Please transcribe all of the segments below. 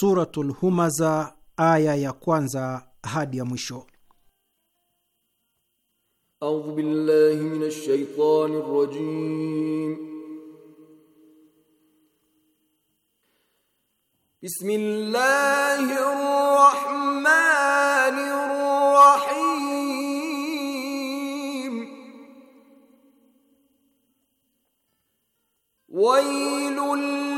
Suratul Humaza aya ya kwanza hadi ya mwisho. A'udhu billahi minash shaitani rrajim. Bismillahir rahmanir rahim. Wailul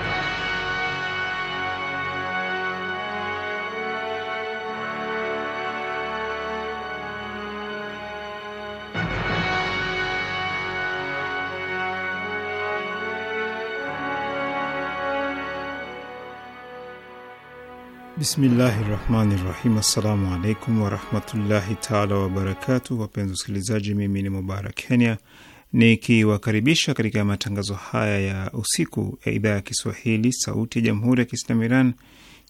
Bismillahi rahmani rahim. Assalamu alaikum warahmatullahi taala wabarakatu. Wapenzi wasikilizaji, mimi ni Mubarak Kenya nikiwakaribisha katika matangazo haya ya usiku ya idhaa ya Kiswahili sauti ya jamhuri ya Kiislamu Iran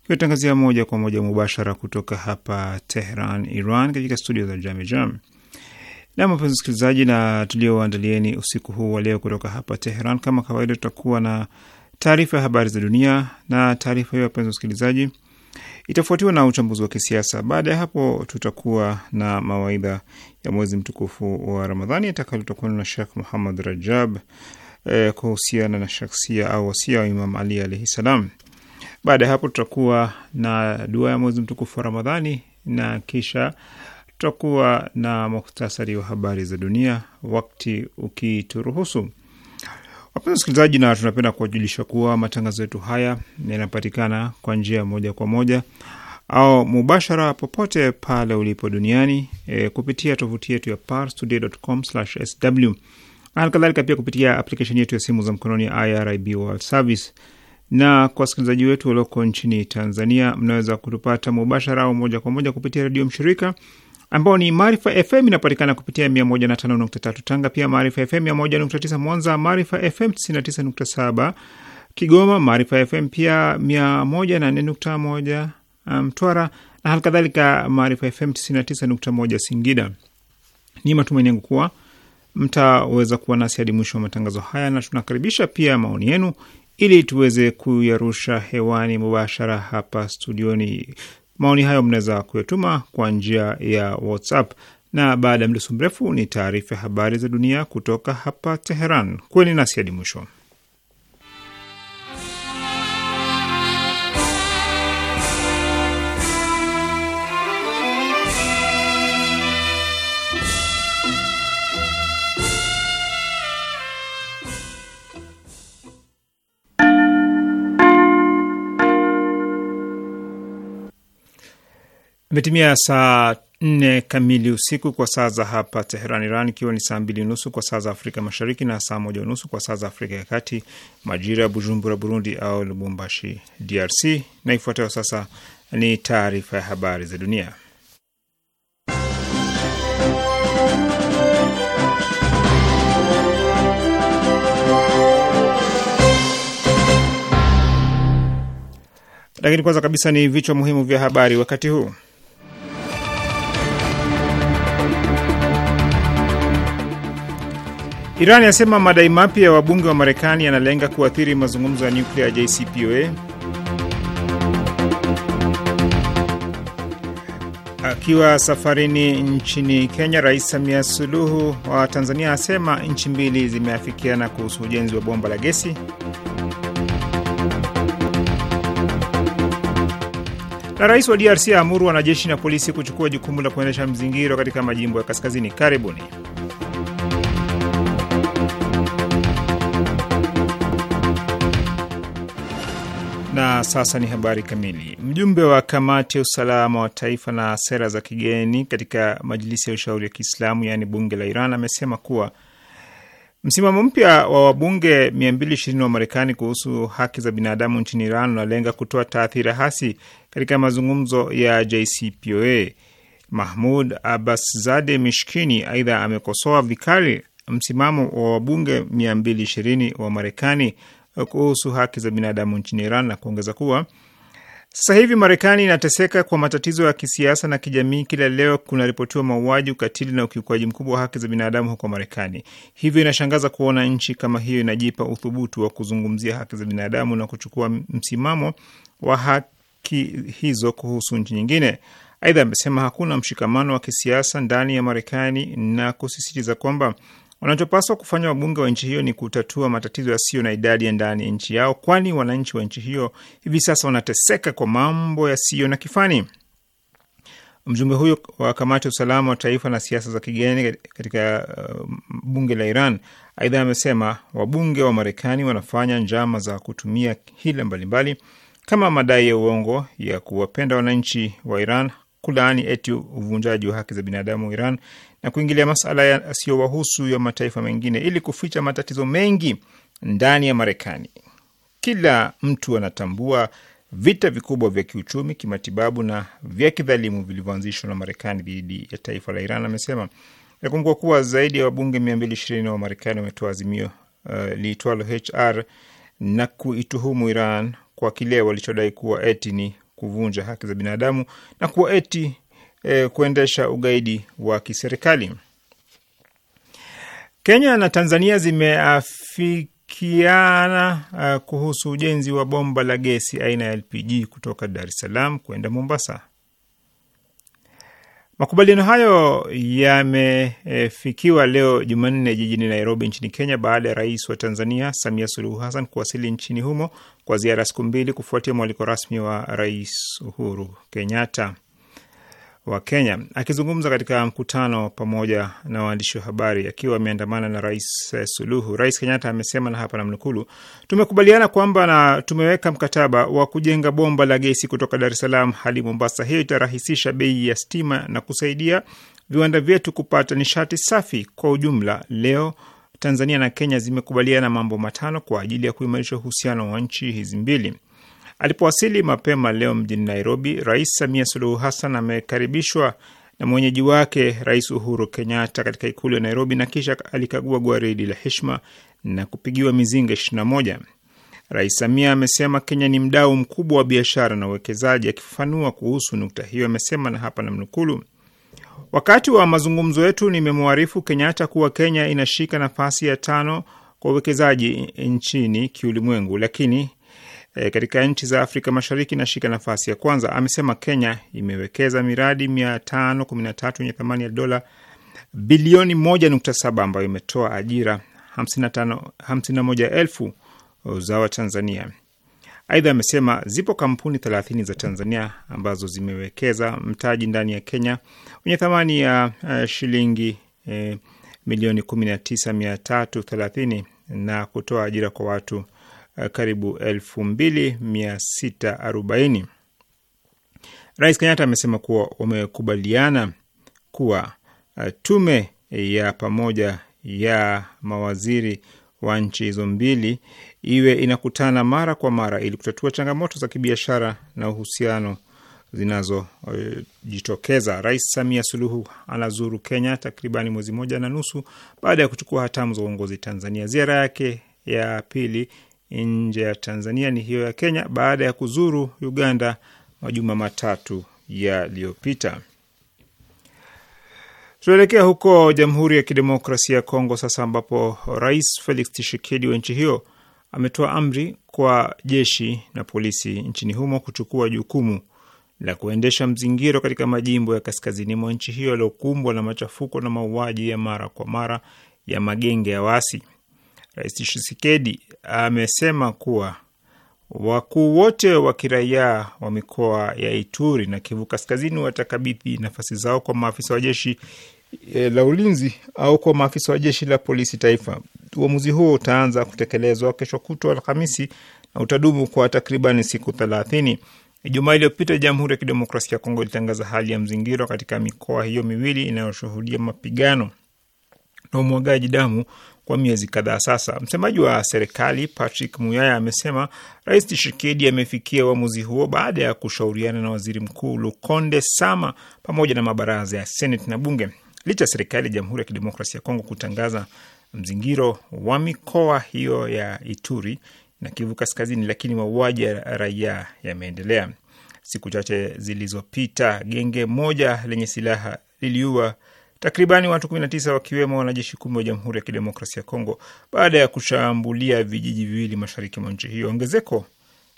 ikiwatangazia moja kwa moja mubashara kutoka hapa Tehran, Iran, katika studio za Jam. Nam, wapenzi wasikilizaji, na tulioandalieni usiku huu wa leo kutoka hapa Tehran, kama kawaida, tutakuwa na taarifa ya habari za dunia na taarifa hiyo, wapenzi wasikilizaji itafuatiwa na uchambuzi wa kisiasa. Baada ya hapo, tutakuwa na mawaidha ya mwezi mtukufu wa Ramadhani atakalotokana na Shekh Muhammad Rajab eh, kuhusiana na shaksia au wasia wa Imam Ali alaihi salam. Baada ya hapo, tutakuwa na dua ya mwezi mtukufu wa Ramadhani na kisha tutakuwa na muhtasari wa habari za dunia wakti ukituruhusu. Wapenzi wasikilizaji, na tunapenda kuwajulisha kuwa matangazo yetu haya yanapatikana kwa njia moja kwa moja au mubashara popote pale ulipo duniani e, kupitia tovuti yetu ya parstoday.com/sw halikadhalika pia kupitia aplikesheni yetu ya simu za mkononi IRIB World Service. Na kwa wasikilizaji wetu walioko nchini Tanzania, mnaweza kutupata mubashara au moja kwa moja kupitia redio mshirika ambao ni Maarifa FM inapatikana kupitia 105.3 Tanga, pia Maarifa FM 101.9 Mwanza, Maarifa FM 99.7 Kigoma, Maarifa FM pia 104.1 Mtwara um, na hali kadhalika Maarifa FM 99.1 Singida. Ni matumaini yangu kuwa mtaweza kuwa nasi hadi mwisho wa matangazo haya, na tunakaribisha pia maoni yenu ili tuweze kuyarusha hewani mubashara hapa studioni. Maoni hayo mnaweza kuyatuma kwa njia ya WhatsApp na baada ya mdoso mrefu ni taarifa ya habari za dunia kutoka hapa Teheran. kweni nasi hadi mwisho. Imetimia saa nne kamili usiku kwa saa za hapa Teheran, Iran, ikiwa ni saa mbili nusu kwa saa za Afrika Mashariki na saa moja nusu kwa saa za Afrika ya Kati, majira ya Bujumbura, Burundi, au Lubumbashi, DRC. Na ifuatayo sasa ni taarifa ya habari za dunia, lakini kwanza kabisa ni vichwa muhimu vya habari wakati huu. Iran yasema madai mapya ya wabunge wa Marekani yanalenga kuathiri mazungumzo ya nyuklia ya JCPOA. Akiwa safarini nchini Kenya, Rais Samia Suluhu wa Tanzania asema nchi mbili zimeafikiana kuhusu ujenzi wa bomba la gesi. Na rais wa DRC aamuru wanajeshi na polisi kuchukua jukumu la kuendesha mzingiro katika majimbo ya kaskazini. Karibuni. Na sasa ni habari kamili. Mjumbe wa kamati ya usalama wa taifa na sera za kigeni katika majilisi ya ushauri ya Kiislamu, yaani bunge la Iran, amesema kuwa msimamo mpya wa wabunge 220 wa Marekani kuhusu haki za binadamu nchini Iran unalenga kutoa taathira hasi katika mazungumzo ya JCPOA. Mahmud Zade Mishkini aidha amekosoa vikali msimamo wa wabunge 220 wa Marekani kuhusu haki za binadamu nchini Iran na kuongeza kuwa sasa hivi Marekani inateseka kwa matatizo ya kisiasa na kijamii. Kila leo kunaripotiwa mauaji, ukatili na ukiukwaji mkubwa wa haki za binadamu huko Marekani. Hivyo inashangaza kuona nchi kama hiyo inajipa uthubutu wa kuzungumzia haki za binadamu na kuchukua msimamo wa haki hizo kuhusu nchi nyingine. Aidha, amesema hakuna mshikamano wa kisiasa ndani ya Marekani na kusisitiza kwamba Wanachopaswa kufanya wabunge wa nchi hiyo ni kutatua matatizo yasiyo na idadi ya ndani ya nchi yao, kwani wananchi wa nchi hiyo hivi sasa wanateseka kwa mambo yasiyo na kifani. Mjumbe huyo wa kamati ya usalama wa taifa na siasa za kigeni katika uh, bunge la Iran aidha amesema wabunge wa Marekani wanafanya njama za kutumia hila mbalimbali kama madai ya uongo ya kuwapenda wananchi wa Iran, kulaani eti uvunjaji wa haki za binadamu wa Iran na kuingilia masala yasiyowahusu ya mataifa mengine ili kuficha matatizo mengi ndani ya Marekani. Kila mtu anatambua vita vikubwa vya kiuchumi, kimatibabu na vya kidhalimu vilivyoanzishwa na Marekani dhidi ya taifa la Iran, amesema. Yakumbukwa kuwa zaidi ya wabunge 220 wa Marekani wametoa azimio uh, liitwalo HR na kuituhumu Iran kwa kile walichodai kuwa eti ni kuvunja haki za binadamu na kuwa eti e, kuendesha ugaidi wa kiserikali. Kenya na Tanzania zimeafikiana uh, kuhusu ujenzi wa bomba la gesi aina ya LPG kutoka Dar es Salaam kwenda Mombasa. Makubaliano hayo yamefikiwa leo Jumanne jijini Nairobi nchini Kenya baada ya rais wa Tanzania Samia Suluhu Hassan kuwasili nchini humo kwa ziara siku mbili kufuatia mwaliko rasmi wa Rais Uhuru Kenyatta wa Kenya. Akizungumza katika mkutano pamoja na waandishi wa habari akiwa ameandamana na Rais eh, Suluhu, Rais Kenyatta amesema na hapa namnukulu, tumekubaliana kwamba na tumeweka mkataba wa kujenga bomba la gesi kutoka Dar es Salaam hadi Mombasa. Hiyo itarahisisha bei ya stima na kusaidia viwanda vyetu kupata nishati safi. Kwa ujumla, leo Tanzania na Kenya zimekubaliana mambo matano kwa ajili ya kuimarisha uhusiano wa nchi hizi mbili. Alipowasili mapema leo mjini Nairobi, Rais Samia Suluhu Hassan amekaribishwa na mwenyeji wake Rais Uhuru Kenyatta katika ikulu ya Nairobi na kisha alikagua gwaridi la heshima na kupigiwa mizinga 21. Rais Samia amesema Kenya ni mdau mkubwa wa biashara na uwekezaji. Akifafanua kuhusu nukta hiyo, amesema na hapa namnukulu: wakati wa mazungumzo yetu nimemwarifu Kenyatta kuwa Kenya inashika nafasi ya tano kwa uwekezaji nchini kiulimwengu, lakini e, katika nchi za Afrika Mashariki inashika nafasi ya kwanza. Amesema Kenya imewekeza miradi 513 yenye thamani ya dola bilioni 1.7 ambayo imetoa ajira 51,000 za Watanzania. Aidha, amesema zipo kampuni 30 za Tanzania ambazo zimewekeza mtaji ndani ya Kenya wenye thamani ya eh, shilingi eh, milioni 19,330 na kutoa ajira kwa watu Eh, karibu 2640. Rais Kenyatta amesema kuwa wamekubaliana kuwa eh, tume ya pamoja ya mawaziri wa nchi hizo mbili iwe inakutana mara kwa mara ili kutatua changamoto za kibiashara na uhusiano zinazojitokeza. Rais Samia Suluhu anazuru Kenya takribani mwezi moja na nusu baada ya kuchukua hatamu za uongozi Tanzania. Ziara yake ya pili nje ya Tanzania ni hiyo ya Kenya baada ya kuzuru Uganda majuma matatu yaliyopita. Tunaelekea huko Jamhuri ya Kidemokrasia ya Kongo sasa, ambapo Rais Felix Tshisekedi wa nchi hiyo ametoa amri kwa jeshi na polisi nchini humo kuchukua jukumu la kuendesha mzingiro katika majimbo ya kaskazini mwa nchi hiyo yaliyokumbwa na machafuko na mauaji ya mara kwa mara ya magenge ya waasi. Rais Tshisekedi amesema kuwa wakuu wote wa kiraia wa mikoa ya Ituri na Kivu Kaskazini watakabidhi nafasi zao kwa maafisa wa jeshi e, la ulinzi au kwa maafisa wa jeshi la polisi taifa. Uamuzi huo utaanza kutekelezwa kesho kutwa Alhamisi na utadumu kwa takribani siku thelathini. Ijumaa iliyopita Jamhuri ya Kidemokrasia ya Kongo ilitangaza hali ya mzingiro katika mikoa hiyo miwili inayoshuhudia mapigano na umwagaji damu kwa miezi kadhaa sasa. Msemaji wa serikali Patrick Muyaya amesema Rais Tshisekedi amefikia uamuzi huo baada ya kushauriana na waziri mkuu Lukonde Sama pamoja na mabaraza ya Seneti na Bunge. Licha ya serikali ya Jamhuri ya Kidemokrasia ya Kongo kutangaza mzingiro wa mikoa hiyo ya Ituri na Kivu Kaskazini, lakini mauaji ya raia yameendelea. Siku chache zilizopita, genge moja lenye silaha liliua takribani watu 19 wakiwemo wanajeshi kumi wa Jamhuri ya Kidemokrasia ya Kongo baada ya kushambulia vijiji viwili mashariki mwa nchi hiyo. Ongezeko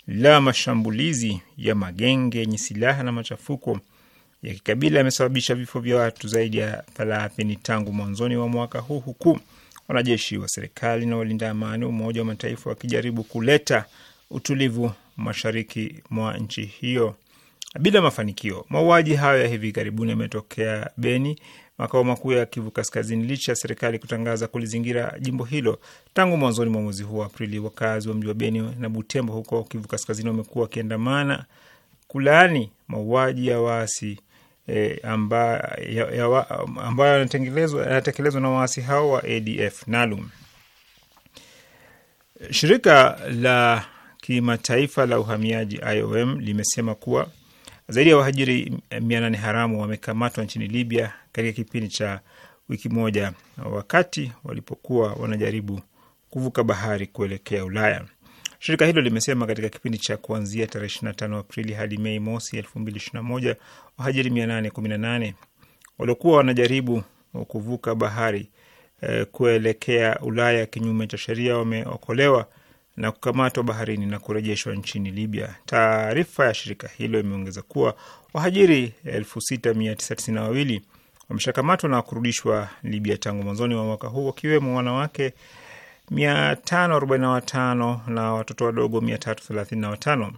la mashambulizi ya magenge yenye silaha na machafuko ya kikabila yamesababisha vifo vya watu zaidi ya thelathini tangu mwanzoni wa mwaka huu huku wanajeshi wa serikali na walinda amani Umoja wa Mataifa wakijaribu kuleta utulivu mashariki mwa nchi hiyo bila mafanikio. Mauaji hayo ya hivi karibuni yametokea Beni makao makuu ya Kivu Kaskazini licha ya serikali kutangaza kulizingira jimbo hilo tangu mwanzoni mwa mwezi huu wa Aprili. Wakazi wa mji wa Beni na Butembo huko Kivu Kaskazini wamekuwa wakiandamana kulaani mauaji ya waasi E, amba, ambayo yanatekelezwa na waasi hao wa ADF NALUM. Shirika la kimataifa la uhamiaji IOM limesema kuwa zaidi ya wahajiri mia nane haramu wamekamatwa nchini Libya katika kipindi cha wiki moja wakati walipokuwa wanajaribu kuvuka bahari kuelekea Ulaya. Shirika hilo limesema katika kipindi cha kuanzia tarehe 25 Aprili hadi Mei mosi 2021 wahajiri 818 waliokuwa wanajaribu kuvuka bahari eh, kuelekea Ulaya kinyume cha sheria wameokolewa na kukamatwa baharini na kurejeshwa nchini Libya. Taarifa ya shirika hilo imeongeza kuwa wahajiri 6992 wameshakamatwa na kurudishwa Libya tangu mwanzoni mwa mwaka huu, wakiwemo wanawake 545 na watoto wadogo 335.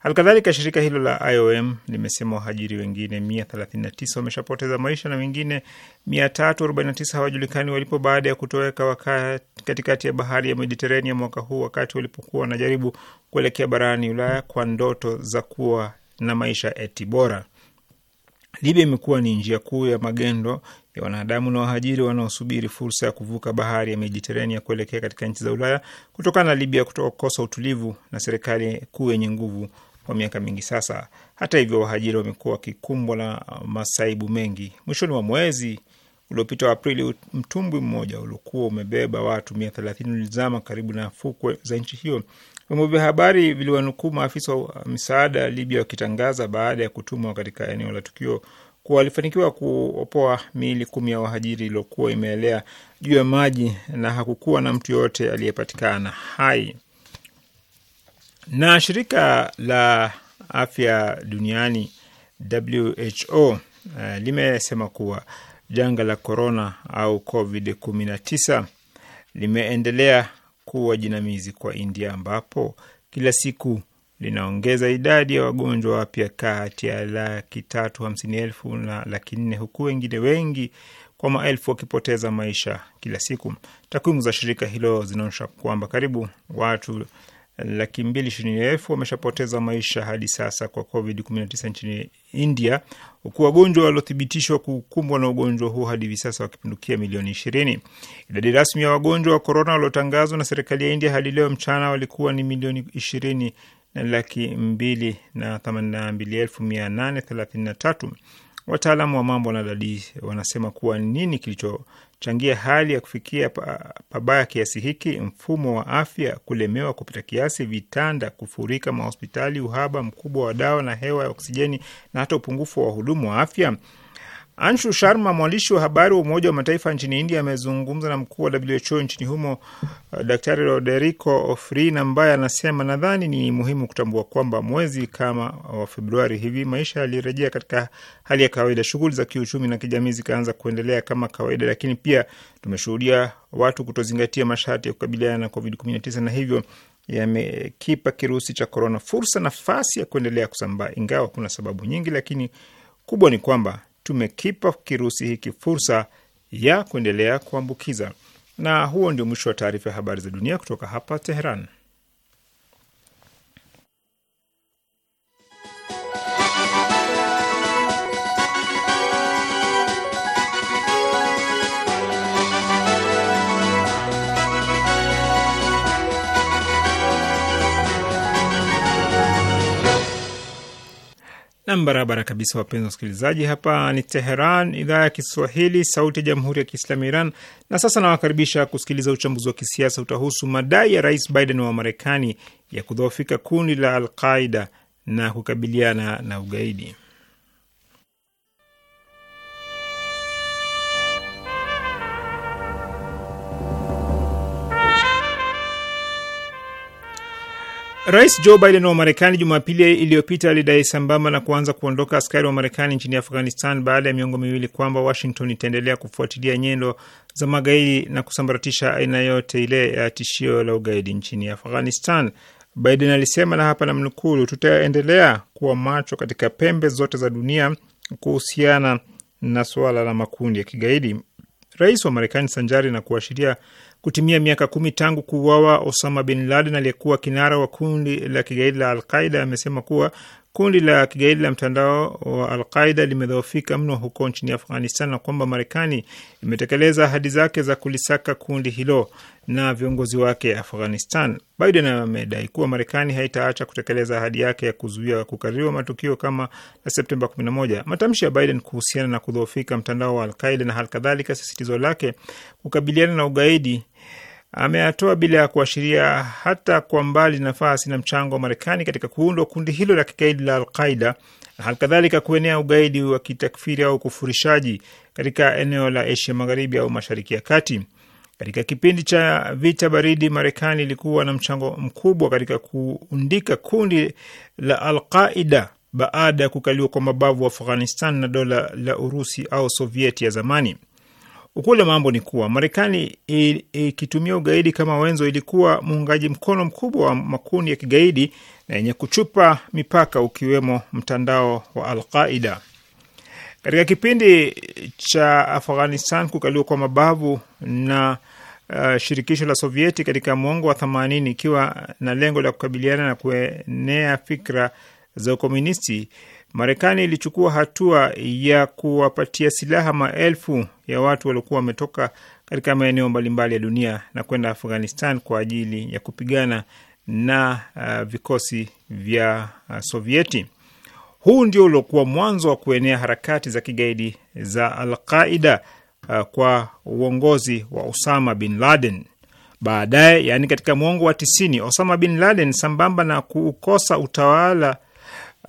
Halikadhalika, shirika hilo la IOM limesema wahajiri wengine 139 wameshapoteza maisha na wengine 349 hawajulikani walipo baada ya kutoweka katikati ya bahari ya Mediterania mwaka huu wakati walipokuwa wanajaribu kuelekea barani Ulaya kwa ndoto za kuwa na maisha eti bora. Libya imekuwa ni njia kuu ya magendo ya wanadamu na wahajiri wanaosubiri fursa ya kuvuka bahari ya Mediterania kuelekea katika nchi za Ulaya kutokana na Libya kutokosa utulivu na serikali kuu yenye nguvu kwa miaka mingi sasa. Hata hivyo, wahajiri wamekuwa wakikumbwa na uh, masaibu mengi. Mwishoni mwa mwezi uliopita wa Aprili, mtumbwi mmoja uliokuwa umebeba watu mia thelathini ulizama karibu na fukwe za nchi hiyo. Vyombo vya habari viliwanukuu maafisa wa uh, misaada Libya wakitangaza baada ya kutumwa katika eneo la tukio kuwa walifanikiwa kuopoa miili kumi ya wahajiri iliyokuwa imeelea juu ya maji na hakukuwa na mtu yoyote aliyepatikana hai. Na shirika la afya duniani WHO uh, eh, limesema kuwa janga la korona au COVID-19 limeendelea kuwa jinamizi kwa India ambapo kila siku linaongeza idadi ya wagonjwa wapya kati ya laki tatu hamsini elfu na laki nne huku wengine wengi kwa maelfu wakipoteza maisha kila siku. Takwimu za shirika hilo zinaonyesha kwamba karibu watu laki mbili ishirini elfu wameshapoteza maisha hadi sasa kwa COVID-19 nchini India, huku wagonjwa waliothibitishwa kukumbwa na ugonjwa huu hadi hivi sasa wakipindukia milioni ishirini. Idadi rasmi ya wagonjwa wa korona waliotangazwa na serikali ya India hadi leo mchana walikuwa ni milioni ishirini na laki mbili na themanini na mbili elfu mia nane thelathini na tatu. Wataalamu wa mambo na dadi wanasema kuwa nini kilicho changia hali ya kufikia pabaya kiasi hiki? Mfumo wa afya kulemewa kupita kiasi, vitanda kufurika mahospitali, uhaba mkubwa wa dawa na hewa ya oksijeni, na hata upungufu wa wahudumu wa afya. Anshu Sharma, mwandishi wa habari wa Umoja wa Mataifa nchini India, amezungumza na mkuu wa WHO nchini humo uh, Daktari Roderico Ofrin, ambaye anasema nadhani ni muhimu kutambua kwamba mwezi kama wa Februari hivi maisha yalirejea katika hali ya kawaida, shughuli za kiuchumi na kijamii zikaanza kuendelea kama kawaida, lakini pia tumeshuhudia watu kutozingatia masharti ya kukabiliana na COVID-19 na hivyo yamekipa kirusi cha korona fursa, nafasi ya kuendelea kusambaa. Ingawa kuna sababu nyingi, lakini kubwa ni kwamba tumekipa kirusi hiki fursa ya kuendelea kuambukiza. Na huo ndio mwisho wa taarifa ya habari za dunia kutoka hapa Teheran. Nam, barabara kabisa, wapenzi wasikilizaji, hapa ni Teheran, idhaa ya Kiswahili, sauti ya jamhuri ya kiislamu ya Iran. Na sasa nawakaribisha kusikiliza uchambuzi wa kisiasa. Utahusu madai ya Rais Biden wa Marekani ya kudhoofika kundi la Alqaida na kukabiliana na ugaidi. Rais Joe Biden wa Marekani Jumapili iliyopita alidai sambamba na kuanza kuondoka askari wa Marekani nchini Afghanistan baada ya miongo miwili kwamba Washington itaendelea kufuatilia nyendo za magaidi na kusambaratisha aina yote ile ya tishio la ugaidi nchini Afghanistan. Biden alisema, na hapa namnukuu, tutaendelea kuwa macho katika pembe zote za dunia kuhusiana na suala la makundi ya kigaidi. Rais wa Marekani, sanjari na kuashiria kutimia miaka kumi tangu kuuawa Osama bin Laden, aliyekuwa kinara wa kundi la kigaidi la Alqaida, amesema kuwa kundi la kigaidi la mtandao wa Alqaida limedhoofika mno huko nchini Afghanistan na kwamba Marekani imetekeleza ahadi zake za kulisaka kundi hilo na viongozi wake Afghanistan. Biden amedai kuwa Marekani haitaacha kutekeleza ahadi yake ya kuzuia kukaririwa matukio kama la Septemba 11. Matamshi ya Biden kuhusiana na kudhoofika mtandao wa Alqaida na halikadhalika sisitizo lake kukabiliana na ugaidi ameyatoa bila ya kuashiria hata kwa mbali nafasi na mchango wa Marekani katika kuundwa kundi hilo la kigaidi la Alqaida na halikadhalika kuenea ugaidi wa kitakfiri au kufurishaji katika eneo la Asia Magharibi au Mashariki ya Kati. Katika kipindi cha vita baridi, Marekani ilikuwa na mchango mkubwa katika kuundika kundi la Alqaida baada ya kukaliwa kwa mabavu wa Afghanistan na dola la Urusi au Sovieti ya zamani. Ukweli wa mambo ni kuwa Marekani ikitumia ugaidi kama wenzo ilikuwa muungaji mkono mkubwa wa makundi ya kigaidi na yenye kuchupa mipaka ukiwemo mtandao wa Alqaida. Katika kipindi cha Afghanistan kukaliwa kwa mabavu na uh, shirikisho la Sovieti katika mwongo wa themanini, ikiwa na lengo la kukabiliana na kuenea fikra za ukomunisti Marekani ilichukua hatua ya kuwapatia silaha maelfu ya watu waliokuwa wametoka katika maeneo mbalimbali ya dunia na kwenda Afghanistan kwa ajili ya kupigana na uh, vikosi vya uh, Sovieti. Huu ndio uliokuwa mwanzo wa kuenea harakati za kigaidi za Alqaida uh, kwa uongozi wa Osama bin Laden. Baadaye, yaani katika mwongo wa tisini, Osama bin Laden sambamba na kuukosa utawala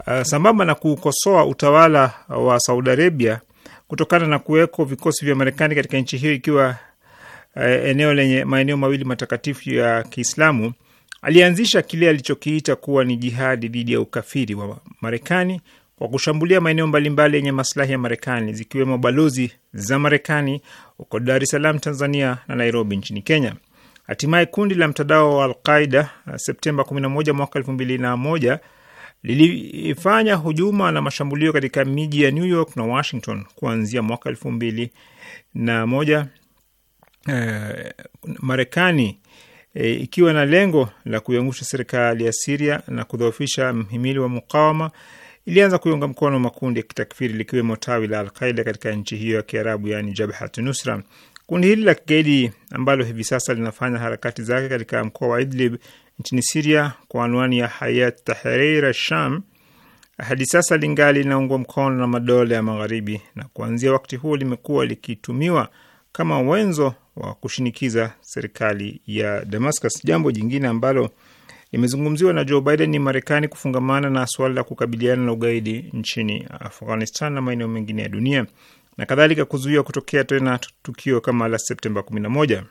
Uh, sambamba na kukosoa utawala wa Saudi Arabia kutokana na kuweko vikosi vya Marekani katika nchi hiyo ikiwa uh, eneo lenye maeneo mawili matakatifu ya Kiislamu, alianzisha kile alichokiita kuwa ni jihadi dhidi ya ukafiri wa Marekani kwa kushambulia maeneo mbalimbali yenye maslahi ya Marekani zikiwemo balozi za Marekani huko Dar es Salaam, Tanzania na Nairobi nchini Kenya. Hatimaye kundi la mtandao wa Alqaida uh, Septemba 11 mwaka 2001 lilifanya hujuma na mashambulio katika miji ya New York na Washington kuanzia mwaka elfu mbili na moja eh, Marekani eh, ikiwa na lengo la kuiangusha serikali ya Siria na kudhoofisha mhimili wa mukawama ilianza kuiunga mkono makundi ya kitakfiri likiwemo tawi la Alqaida katika nchi hiyo ya Kiarabu, yani Jabhat Nusra. Kundi hili la kigaidi ambalo hivi sasa linafanya harakati zake katika mkoa wa Idlib nchini Siria kwa anwani ya Hayat Tahrir al-Sham hadi sasa lingali linaungwa mkono na madola ya Magharibi, na kuanzia wakati huo limekuwa likitumiwa kama wenzo wa kushinikiza serikali ya Damascus. Jambo jingine ambalo limezungumziwa na Joe Biden ni Marekani kufungamana na suala la kukabiliana na ugaidi nchini Afghanistan na maeneo mengine ya dunia na kadhalika, kuzuia kutokea tena tukio kama la Septemba 11.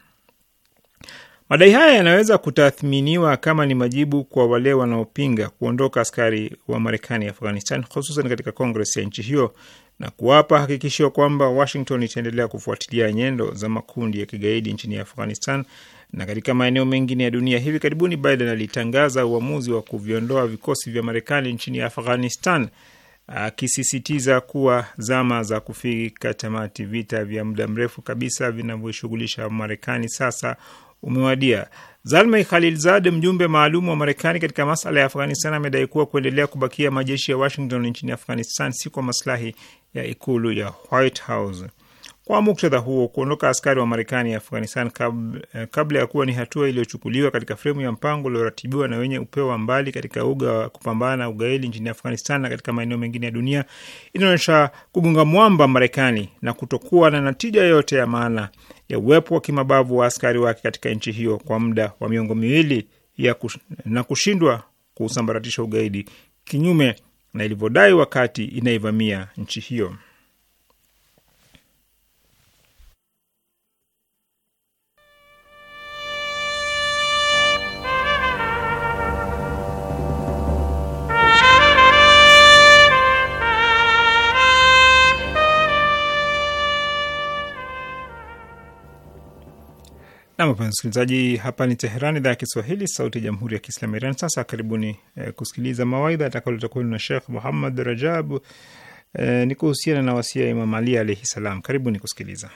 Madai haya yanaweza kutathminiwa kama ni majibu kwa wale wanaopinga kuondoka askari wa Marekani Afghanistan, hususan katika Kongres ya nchi hiyo na kuwapa hakikisho kwamba Washington itaendelea kufuatilia nyendo za makundi ya kigaidi nchini Afghanistan na katika maeneo mengine ya dunia. Hivi karibuni Biden alitangaza uamuzi wa kuviondoa vikosi vya Marekani nchini Afghanistan, akisisitiza kuwa zama za kufika tamati vita vya muda mrefu kabisa vinavyoshughulisha Marekani sasa umewadia. Zalmay Khalilzad, mjumbe maalum wa Marekani katika masala ya Afghanistan, amedai kuwa kuendelea kubakia majeshi ya Washington nchini Afghanistan si kwa maslahi ya ikulu ya White House. Kwa muktadha huo, kuondoka askari wa Marekani ya Afghanistan eh, kabla ya kuwa ni hatua iliyochukuliwa katika fremu ya mpango ulioratibiwa na wenye upeo wa mbali katika uga wa kupambana na ugaidi nchini Afghanistan na katika maeneo mengine ya dunia inaonyesha kugonga mwamba Marekani na kutokuwa na natija yoyote ya maana ya uwepo wa kimabavu wa askari wake katika nchi hiyo kwa muda wa miongo miwili ya kush, na kushindwa kuusambaratisha ugaidi kinyume na ilivyodai wakati inaivamia nchi hiyo. Namwapea msikilizaji, hapa ni Teheran, idhaa ya Kiswahili, sauti ya jamhuri ya kiislamu Iran. Sasa karibuni eh, kusikiliza mawaidha atakaoleta kwenu na Shekh Muhammad Rajab eh, ni kuhusiana na wasia ya Imam Ali alaihi salam. Karibuni kusikiliza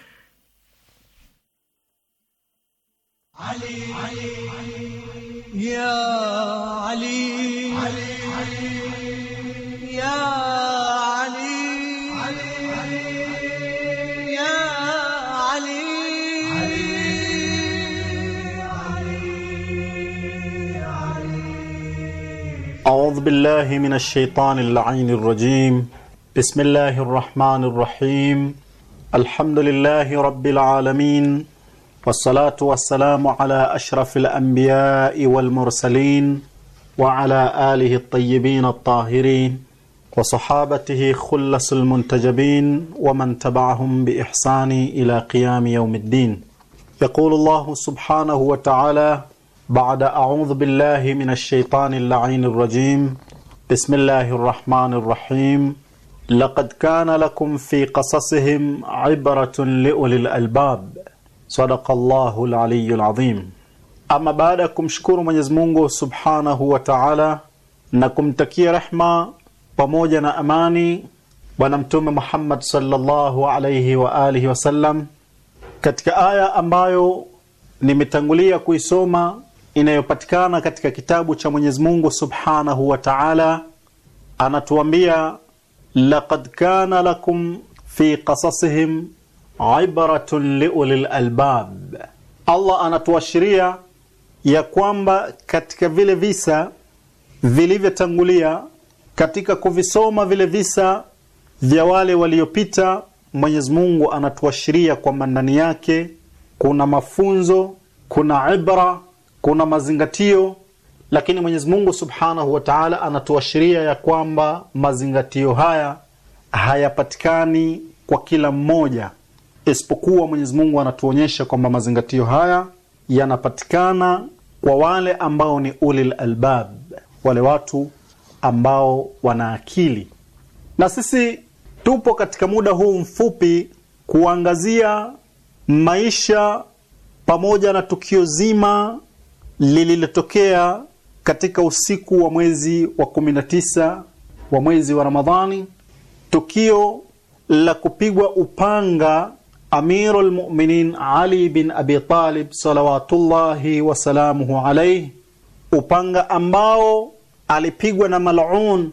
Ali, Ali, ya Ali. أعوذ بالله من الشيطان اللعين الرجيم بسم الله الرحمن الرحيم الحمد لله رب العالمين والصلاة والسلام على أشرف الأنبياء والمرسلين وعلى آله الطيبين الطاهرين وصحابته خلص المنتجبين ومن تبعهم بإحسان إلى قيام يوم الدين يقول الله سبحانه وتعالى بعد أعوذ بالله من الشيطان اللعين الرجيم بسم الله الرحمن الرحيم لقد كان لكم في قصصهم عبرة لأولي الألباب صدق الله العلي العظيم أما بعد kumshukuru Mwenyezi Mungu Subhanahu wa Ta'ala na kumtakia rehma pamoja na amani bwana mtume Muhammad sallallahu alayhi wa wasallam katika aya ambayo nimetangulia kuisoma inayopatikana katika kitabu cha Mwenyezi Mungu Subhanahu wa Ta'ala, anatuambia laqad kana lakum fi qasasihim ibratun liulil albab, Allah anatuashiria ya kwamba katika vile visa vilivyotangulia, katika kuvisoma vile visa vya wale waliopita, Mwenyezi Mungu anatuashiria kwamba ndani yake kuna mafunzo, kuna ibra kuna mazingatio, lakini Mwenyezi Mungu Subhanahu wa Ta'ala anatuashiria ya kwamba mazingatio haya hayapatikani kwa kila mmoja, isipokuwa Mwenyezi Mungu anatuonyesha kwamba mazingatio haya yanapatikana kwa wale ambao ni ulil albab, wale watu ambao wana akili. Na sisi tupo katika muda huu mfupi kuangazia maisha pamoja na tukio zima lililotokea katika usiku wa mwezi wa 19 wa mwezi wa Ramadhani, tukio la kupigwa upanga Amiru lmuminin Ali bin Abi Talib salawatullahi wasalamuhu alaihi, upanga ambao alipigwa na malun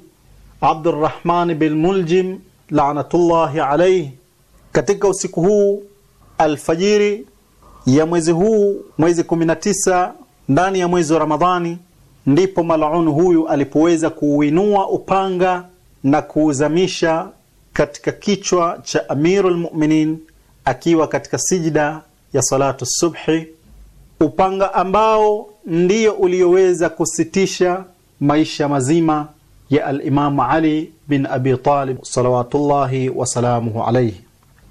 Abdurrahman bin Muljim laanatullahi alaihi katika usiku huu alfajiri ya mwezi huu mwezi 19 ndani ya mwezi wa Ramadhani ndipo malaun huyu alipoweza kuuinua upanga na kuuzamisha katika kichwa cha Amirul Mu'minin akiwa katika sijida ya salatu subhi, upanga ambao ndiyo ulioweza kusitisha maisha mazima ya alimamu Ali bin Abi Talib salawatullahi wasalamuhu alaihi.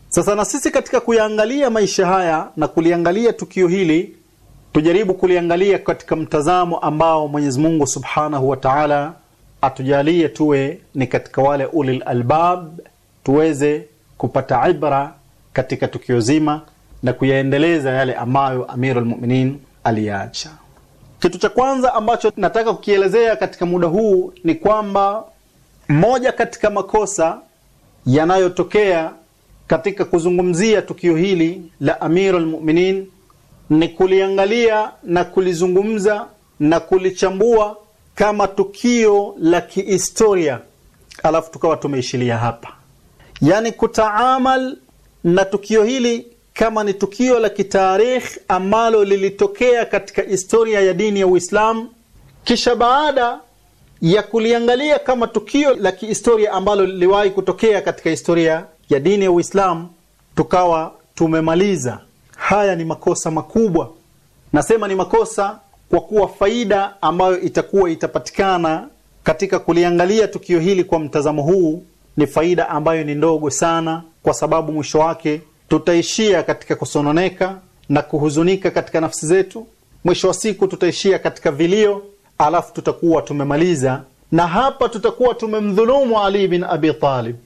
Sasa na sisi katika kuyaangalia maisha haya na kuliangalia tukio hili tujaribu kuliangalia katika mtazamo ambao Mwenyezi Mungu subhanahu wa taala atujalie tuwe ni katika wale ulil albab, tuweze kupata ibra katika tukio zima na kuyaendeleza yale ambayo Amirul Mu'minin aliyaacha. Kitu cha kwanza ambacho nataka kukielezea katika muda huu ni kwamba moja katika makosa yanayotokea katika kuzungumzia tukio hili la Amirul Mu'minin ni kuliangalia na kulizungumza na kulichambua kama tukio la kihistoria, alafu tukawa tumeishilia hapa, yani kutaamal na tukio hili kama ni tukio la kitarikh ambalo lilitokea katika historia ya dini ya Uislamu, kisha baada ya kuliangalia kama tukio la kihistoria ambalo liliwahi kutokea katika historia ya dini ya Uislamu, tukawa tumemaliza haya ni makosa makubwa. Nasema ni makosa kwa kuwa faida ambayo itakuwa itapatikana katika kuliangalia tukio hili kwa mtazamo huu ni faida ambayo ni ndogo sana, kwa sababu mwisho wake tutaishia katika kusononeka na kuhuzunika katika nafsi zetu. Mwisho wa siku tutaishia katika vilio, alafu tutakuwa tumemaliza, na hapa tutakuwa tumemdhulumu Ali bin Abi Talib,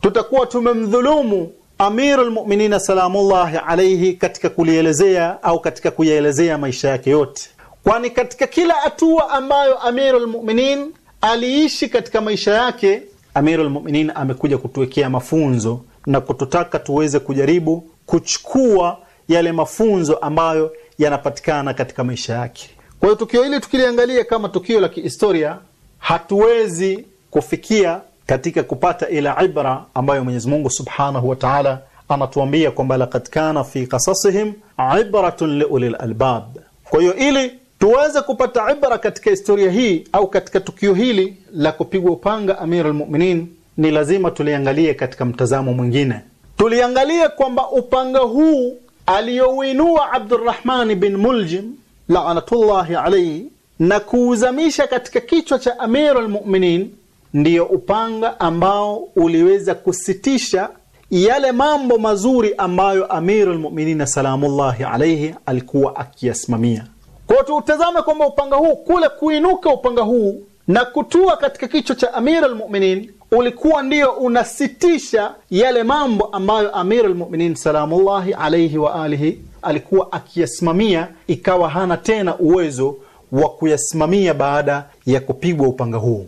tutakuwa tumemdhulumu Amirul Mu'minin salamullahi alayhi katika kulielezea au katika kuyaelezea maisha yake yote, kwani katika kila hatua ambayo Amirul Mu'minin aliishi katika maisha yake, Amirul Mu'minin amekuja kutuwekea mafunzo na kututaka tuweze kujaribu kuchukua yale mafunzo ambayo yanapatikana katika maisha yake. Kwa hiyo tukio hili tukiliangalia kama tukio la kihistoria, hatuwezi kufikia katika kupata ile ibra ambayo Mwenyezi Mungu Subhanahu wa Ta'ala anatuambia kwamba laqad kana fi qasasihim ibratun liulil albab. Kwa hiyo ili tuweze kupata ibra katika historia hii au katika tukio hili la kupigwa upanga Amirul Mu'minin, ni lazima tuliangalie katika mtazamo mwingine, tuliangalia kwamba upanga huu aliyouinua Abdurrahman bin Muljim lanatullahi alayhi na kuuzamisha katika kichwa cha Amirul Mu'minin ndiyo upanga ambao uliweza kusitisha yale mambo mazuri ambayo Amirul Mu'minin salamullahi alayhi alikuwa akiyasimamia. Kwa tuutazame kwamba upanga huu kule kuinuka upanga huu na kutua katika kichwa cha Amirul Muminin ulikuwa ndiyo unasitisha yale mambo ambayo Amirul Muminin salamullahi alayhi wa alihi alikuwa akiyasimamia, ikawa hana tena uwezo wa kuyasimamia baada ya kupigwa upanga huu.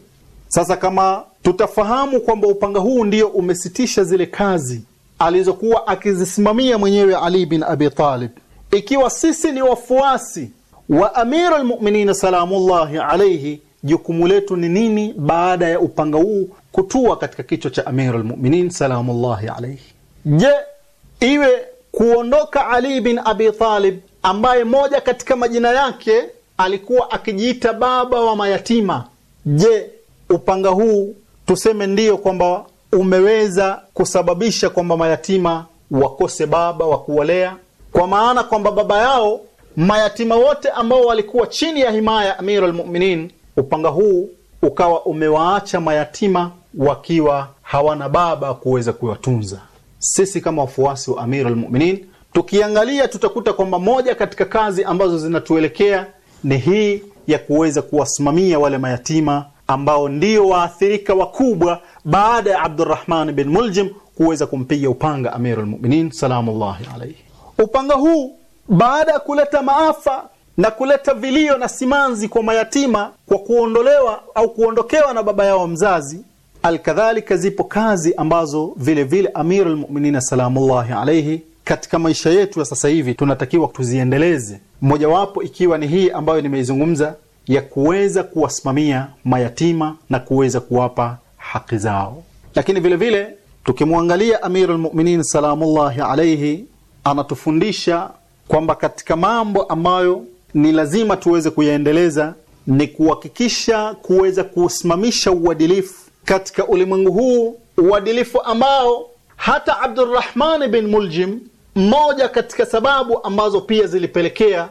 Sasa kama tutafahamu kwamba upanga huu ndio umesitisha zile kazi alizokuwa akizisimamia mwenyewe Ali bin Abi Talib, ikiwa sisi ni wafuasi wa Amiru lmuminina salamullahi alaihi, jukumu letu ni nini baada ya upanga huu kutua katika kichwa cha Amiru lmuminin salamullahi alaihi? Je, iwe kuondoka Ali bin Abi Talib ambaye moja katika majina yake alikuwa akijiita baba wa mayatima. Je, upanga huu tuseme ndiyo kwamba umeweza kusababisha kwamba mayatima wakose baba wa kuwalea, kwa maana kwamba baba yao mayatima wote ambao walikuwa chini ya himaya ya Amirul Almuminin, upanga huu ukawa umewaacha mayatima wakiwa hawana baba kuweza kuwatunza. Sisi kama wafuasi wa Amirul Mu'minin tukiangalia tutakuta kwamba moja katika kazi ambazo zinatuelekea ni hii ya kuweza kuwasimamia wale mayatima ambao ndio waathirika wakubwa baada ya Abdurrahman bin Muljim kuweza kumpiga upanga Amirul Mu'minin salamullahi alayhi. Upanga huu baada ya kuleta maafa na kuleta vilio na simanzi kwa mayatima kwa kuondolewa au kuondokewa na baba yao mzazi, alkadhalika zipo kazi ambazo vile vile Amirul Mu'minin salamullahi alayhi katika maisha yetu ya sasa hivi tunatakiwa tuziendeleze, mojawapo ikiwa ni hii ambayo nimeizungumza ya kuweza kuwasimamia mayatima na kuweza kuwapa haki zao. Lakini vile vile tukimwangalia Amirul salamullahi alaihi, anatufundisha kwamba katika mambo ambayo ni lazima tuweze kuyaendeleza ni kuhakikisha kuweza kusimamisha uadilifu katika ulimwengu huu, uadilifu ambao hata abdurrahmani bin Muljim, mmoja katika sababu ambazo pia zilipelekea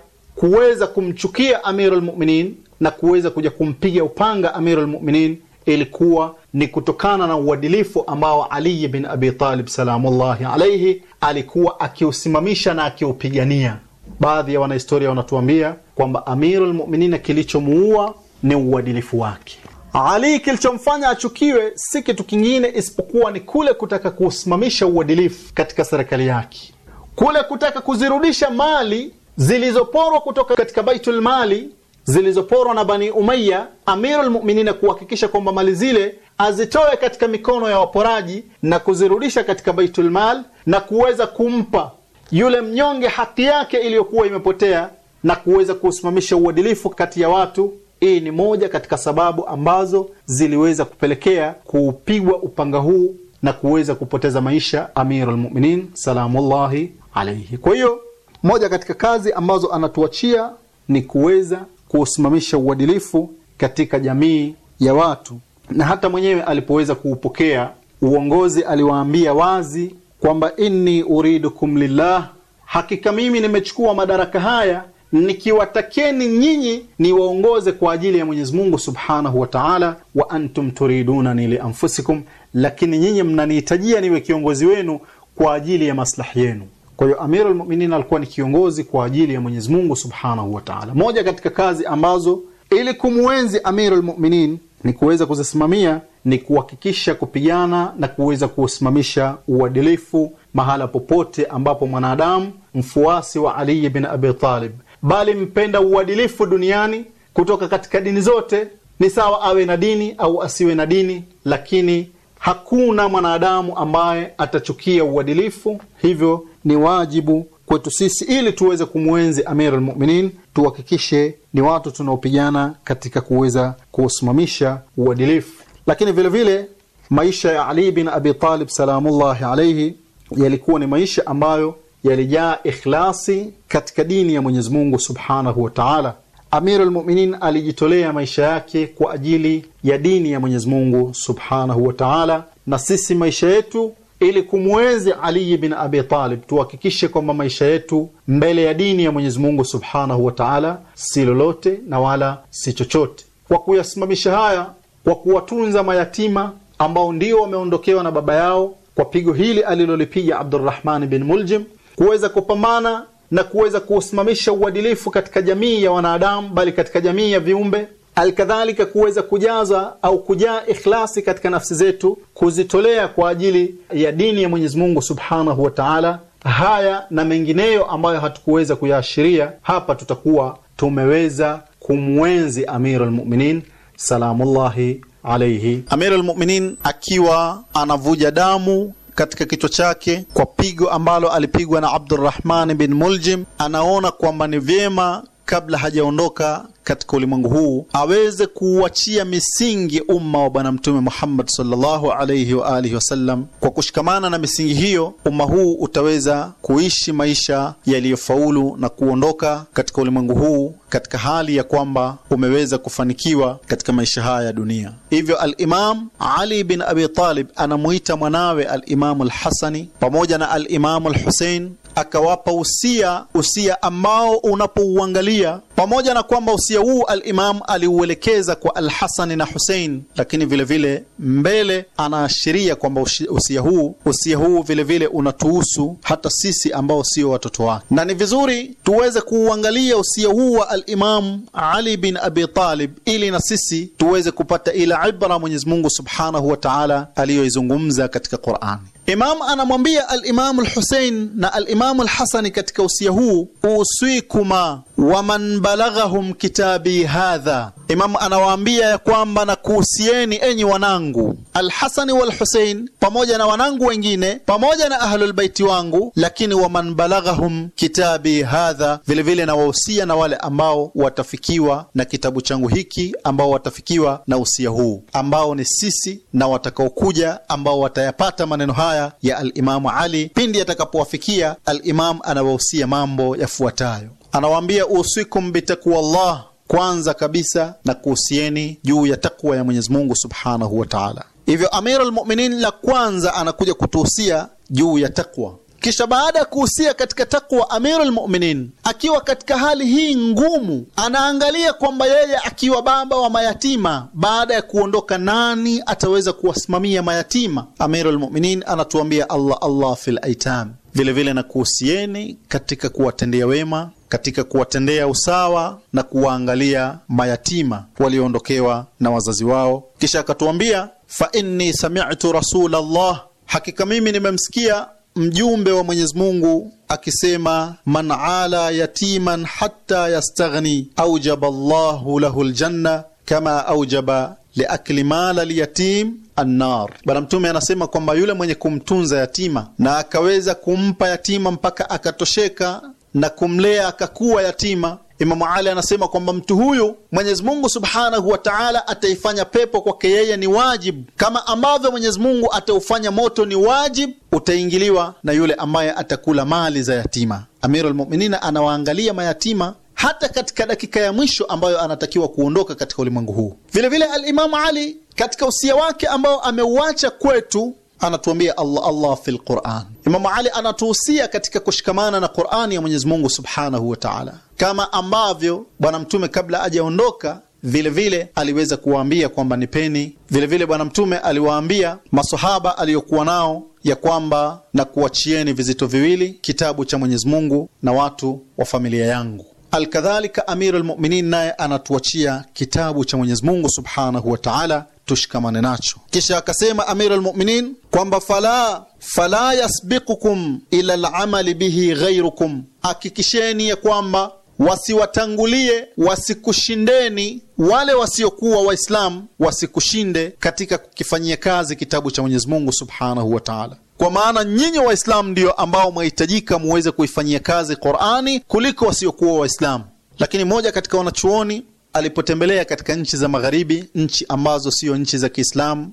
kuweza kumchukia Amirul Mu'minin na kuweza kuja kumpiga upanga Amirul Mu'minin ilikuwa ni kutokana na uadilifu ambao Ali bin Abi Talib salamullahi alaihi alikuwa akiusimamisha na akiupigania. Baadhi ya wanahistoria wanatuambia kwamba Amirul Mu'minin kilichomuua ni uadilifu wake. Ali kilichomfanya achukiwe si kitu kingine isipokuwa ni kule kutaka kuusimamisha uadilifu katika serikali yake, kule kutaka kuzirudisha mali zilizoporwa kutoka katika Baitul Mali zilizoporwa na Bani Umayya, Amirul Mu'minin kuhakikisha kwamba mali zile azitoe katika mikono ya waporaji na kuzirudisha katika Baitul Mal na kuweza kumpa yule mnyonge haki yake iliyokuwa imepotea na kuweza kusimamisha uadilifu kati ya watu. Hii ni moja katika sababu ambazo ziliweza kupelekea kuupigwa upanga huu na kuweza kupoteza maisha Amirul Mu'minin salamullahi alayhi. Kwa hiyo moja katika kazi ambazo anatuachia ni kuweza kuusimamisha uadilifu katika jamii ya watu, na hata mwenyewe alipoweza kuupokea uongozi aliwaambia wazi kwamba inni uridukum lillah, hakika mimi nimechukua madaraka haya nikiwatakeni nyinyi niwaongoze kwa ajili ya Mwenyezi Mungu subhanahu wa taala, wa antum turidunani lianfusikum, lakini nyinyi mnanihitajia niwe kiongozi wenu kwa ajili ya maslahi yenu. Kwa hiyo Amiru lmuminin alikuwa ni kiongozi kwa ajili ya Mwenyezi Mungu subhanahu wa taala. Moja katika kazi ambazo ili kumwenzi Amiru lmuminin ni kuweza kuzisimamia ni kuhakikisha kupigana na kuweza kusimamisha uadilifu mahala popote ambapo mwanadamu mfuasi wa Ali bin Abi Talib, bali mpenda uadilifu duniani kutoka katika dini zote, ni sawa awe na dini au asiwe na dini, lakini hakuna mwanadamu ambaye atachukia uadilifu hivyo ni wajibu kwetu sisi ili tuweze kumwenzi Amir lmuminin, tuhakikishe ni watu tunaopigana katika kuweza kusimamisha uadilifu. Lakini vilevile vile maisha ya Ali bin Abi Talib salamullahi alaihi yalikuwa ni maisha ambayo yalijaa ikhlasi katika dini ya Mwenyezi Mungu subhanahu wa taala. Amir lmuminin alijitolea maisha yake kwa ajili ya dini ya Mwenyezi Mungu subhanahu wa taala, na sisi maisha yetu ili kumwenzi Ali bin Abi Talib, tuhakikishe kwamba maisha yetu mbele ya dini ya Mwenyezi Mungu subhanahu wa taala si lolote na wala si chochote. Kwa kuyasimamisha haya, kwa kuwatunza mayatima ambao ndio wameondokewa na baba yao, kwa pigo hili alilolipiga Abdurrahman bin Muljim, kuweza kupambana na kuweza kuusimamisha uadilifu katika jamii ya wanadamu, bali katika jamii ya viumbe alkadhalika kuweza kujaza au kujaa ikhlasi katika nafsi zetu, kuzitolea kwa ajili ya dini ya Mwenyezi Mungu subhanahu wa taala. Haya na mengineyo ambayo hatukuweza kuyaashiria hapa, tutakuwa tumeweza kumwenzi Amirul Muminin salamullahi alayhi. Amirul Muminin akiwa anavuja damu katika kichwa chake kwa pigo ambalo alipigwa na Abdurrahman bin Muljim, anaona kwamba ni vyema kabla hajaondoka katika ulimwengu huu aweze kuuachia misingi umma wa Bwana Mtume Muhammad sallallahu alayhi wa alihi wasallam. Kwa kushikamana na misingi hiyo, umma huu utaweza kuishi maisha yaliyofaulu na kuondoka katika ulimwengu huu katika hali ya kwamba umeweza kufanikiwa katika maisha haya ya dunia. Hivyo Al-Imam Ali bin Abi Talib anamuita mwanawe Al-Imam Al-Hasani pamoja na Al-Imam Al-Hussein akawapa usia, usia ambao unapouangalia pamoja na kwamba usia huu alimam aliuelekeza kwa al-Hasani na husein lakini vilevile vile mbele anaashiria kwamba usia huu usia huu vilevile vile unatuhusu hata sisi ambao sio watoto wake, na ni vizuri tuweze kuuangalia usia huu wa Alimam Ali bin Abi Talib ili na sisi tuweze kupata ila ibra Mwenyezi Mungu Subhanahu wa Ta'ala aliyoizungumza katika Qur'ani. Imam anamwambia alimamu lhusein na alimamu lhasani katika usia huu, uswikuma waman balaghahum kitabi hadha, Imamu anawaambia ya kwamba na kuhusieni enyi wanangu Alhasani walhusein pamoja na wanangu wengine pamoja na ahlulbaiti wangu, lakini waman balaghahum kitabi hadha, vilevile nawahusia na wale ambao watafikiwa na kitabu changu hiki, ambao watafikiwa na usia huu, ambao ni sisi na watakaokuja, ambao watayapata maneno haya ya Alimamu Ali pindi yatakapowafikia. Alimamu anawahusia mambo yafuatayo anawaambia usikum bitakwa Allah, kwanza kabisa na kuhusieni juu ya takwa ya Mwenyezi Mungu subhanahu wa taala. Hivyo Amira Almuminin, la kwanza anakuja kutuhusia juu ya takwa kisha baada ya kuhusia katika takwa, Amirul Mu'minin akiwa katika hali hii ngumu, anaangalia kwamba yeye akiwa baba wa mayatima, baada ya kuondoka nani ataweza kuwasimamia mayatima? Amirul Mu'minin anatuambia Allah Allah fil aitam. Vilevile na kuhusieni katika kuwatendea wema katika kuwatendea usawa na kuwaangalia mayatima walioondokewa na wazazi wao. Kisha akatuambia fa inni sami'tu rasul hakika mimi nimemsikia mjumbe wa Mwenyezi Mungu akisema man ala yatiman hatta yastaghni aujaba Allahu lahu ljanna kama aujaba liakli mala lyatim annar. Bwana Mtume anasema kwamba yule mwenye kumtunza yatima na akaweza kumpa yatima mpaka akatosheka na kumlea akakuwa yatima, Imamu Ali anasema kwamba mtu huyu Mwenyezi Mungu subhanahu wa taala ataifanya pepo kwake yeye ni wajibu, kama ambavyo Mwenyezi Mungu ataufanya moto ni wajibu, utaingiliwa na yule ambaye atakula mali za yatima. Amirul lmuminina anawaangalia mayatima hata katika dakika ya mwisho ambayo anatakiwa kuondoka katika ulimwengu huu. Vilevile Alimamu Ali katika usia wake ambao ameuacha kwetu anatuambia Allah Allah fi lquran. Imamu Ali anatuhusia katika kushikamana na Qurani ya Mwenyezi Mungu subhanahu wa taala, kama ambavyo Bwana Mtume kabla ajaondoka vilevile aliweza kuwaambia kwamba nipeni. peni vilevile Bwana Mtume aliwaambia masahaba aliyokuwa nao ya kwamba na kuachieni vizito viwili, kitabu cha Mwenyezi Mungu na watu wa familia yangu. Alkadhalika Amiru lmuminin naye anatuachia kitabu cha Mwenyezi Mungu subhanahu wa taala tushikamane nacho. Kisha akasema amira lmuminin kwamba fala fala yasbikukum ila lamali bihi ghairukum, hakikisheni ya kwamba wasiwatangulie wasikushindeni wale wasiokuwa Waislamu, wasikushinde katika kukifanyia kazi kitabu cha Mwenyezi Mungu subhanahu wa taala kwa maana nyinyi Waislamu ndiyo ambao mwahitajika muweze kuifanyia kazi Qurani kuliko wasiokuwa Waislamu. Lakini moja katika wanachuoni alipotembelea katika nchi za magharibi, nchi ambazo sio nchi za Kiislamu,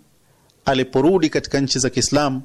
aliporudi katika nchi za Kiislamu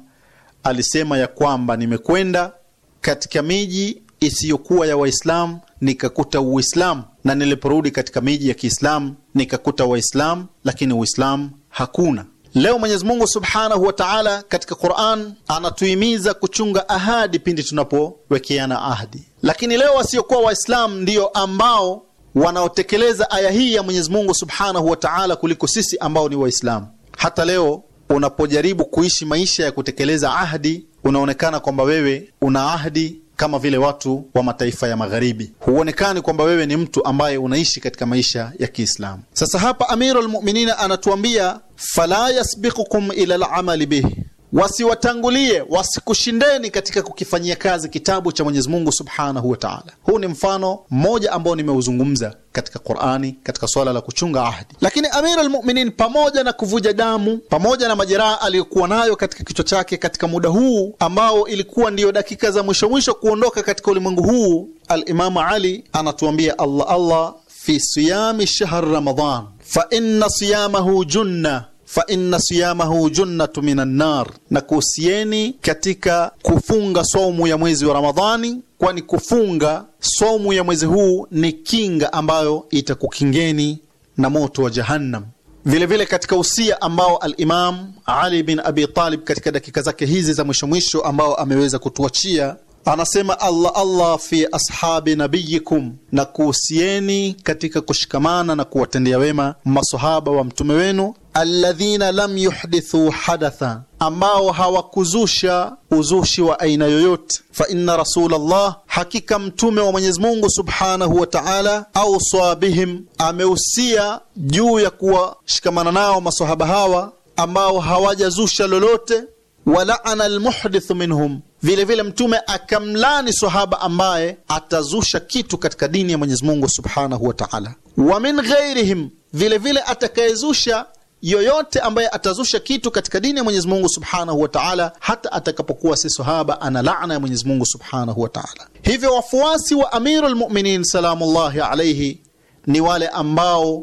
alisema ya kwamba nimekwenda katika miji isiyokuwa ya Waislamu nikakuta Uislamu, na niliporudi katika miji ya Kiislamu nikakuta Waislamu, lakini Uislamu hakuna. Leo Mwenyezi Mungu Subhanahu wa Ta'ala katika Qur'an anatuhimiza kuchunga ahadi pindi tunapowekeana ahadi, lakini leo wasiokuwa Waislamu ndiyo ambao wanaotekeleza aya hii ya Mwenyezi Mungu Subhanahu wa Ta'ala kuliko sisi ambao ni Waislamu. Hata leo unapojaribu kuishi maisha ya kutekeleza ahdi unaonekana kwamba wewe una ahdi kama vile watu wa mataifa ya magharibi, huonekani kwamba wewe ni mtu ambaye unaishi katika maisha ya Kiislamu. Sasa hapa Amirul Mu'minina anatuambia fala yasbiqukum ila al-amali bihi wasiwatangulie wasikushindeni katika kukifanyia kazi kitabu cha Mwenyezi Mungu Subhanahu wa Ta'ala. Huu ni mfano mmoja ambao nimeuzungumza katika Qur'ani, katika swala la kuchunga ahdi. Lakini Amir al pamoja na kuvuja damu, pamoja na majeraha aliyokuwa nayo katika kichwa chake katika muda huu ambao ilikuwa ndiyo dakika za mwisho mwisho kuondoka katika ulimwengu huu, al Ali anatuambia Allah Allah fi siyami shahr Ramadan fa inna siyamahu junna fa inna siyamahu junnatu minan nar, na kuhusieni katika kufunga somu ya mwezi wa Ramadhani, kwani kufunga somu ya mwezi huu ni kinga ambayo itakukingeni na moto wa Jahannam. Vilevile vile katika usia ambao Alimam Ali bin Abi Talib katika dakika zake hizi za mwisho mwisho ambao ameweza kutuachia anasema Allah Allah fi ashabi nabiyikum, na kuhusieni katika kushikamana na kuwatendea wema masahaba wa mtume wenu, alladhina lam yuhdithu hadatha, ambao hawakuzusha uzushi wa aina yoyote. Fa inna Rasulallah, hakika mtume wa Mwenyezi Mungu subhanahu wa taala, au swabihim, ameusia juu ya kuwashikamana nao masahaba hawa ambao hawajazusha lolote, walaana almuhdithu minhum vile vile Mtume akamlani sahaba ambaye atazusha kitu katika dini ya Mwenyezi Mungu subhanahu wa taala. Wa min ghairihim, vile vile atakayezusha yoyote ambaye atazusha kitu katika dini ya Mwenyezi Mungu Subhanahu wa Ta'ala, hata atakapokuwa si sahaba, ana laana ya Mwenyezi Mungu Subhanahu wa Ta'ala. Hivyo wafuasi wa Amirul Mu'minin salamullahi alayhi ni wale ambao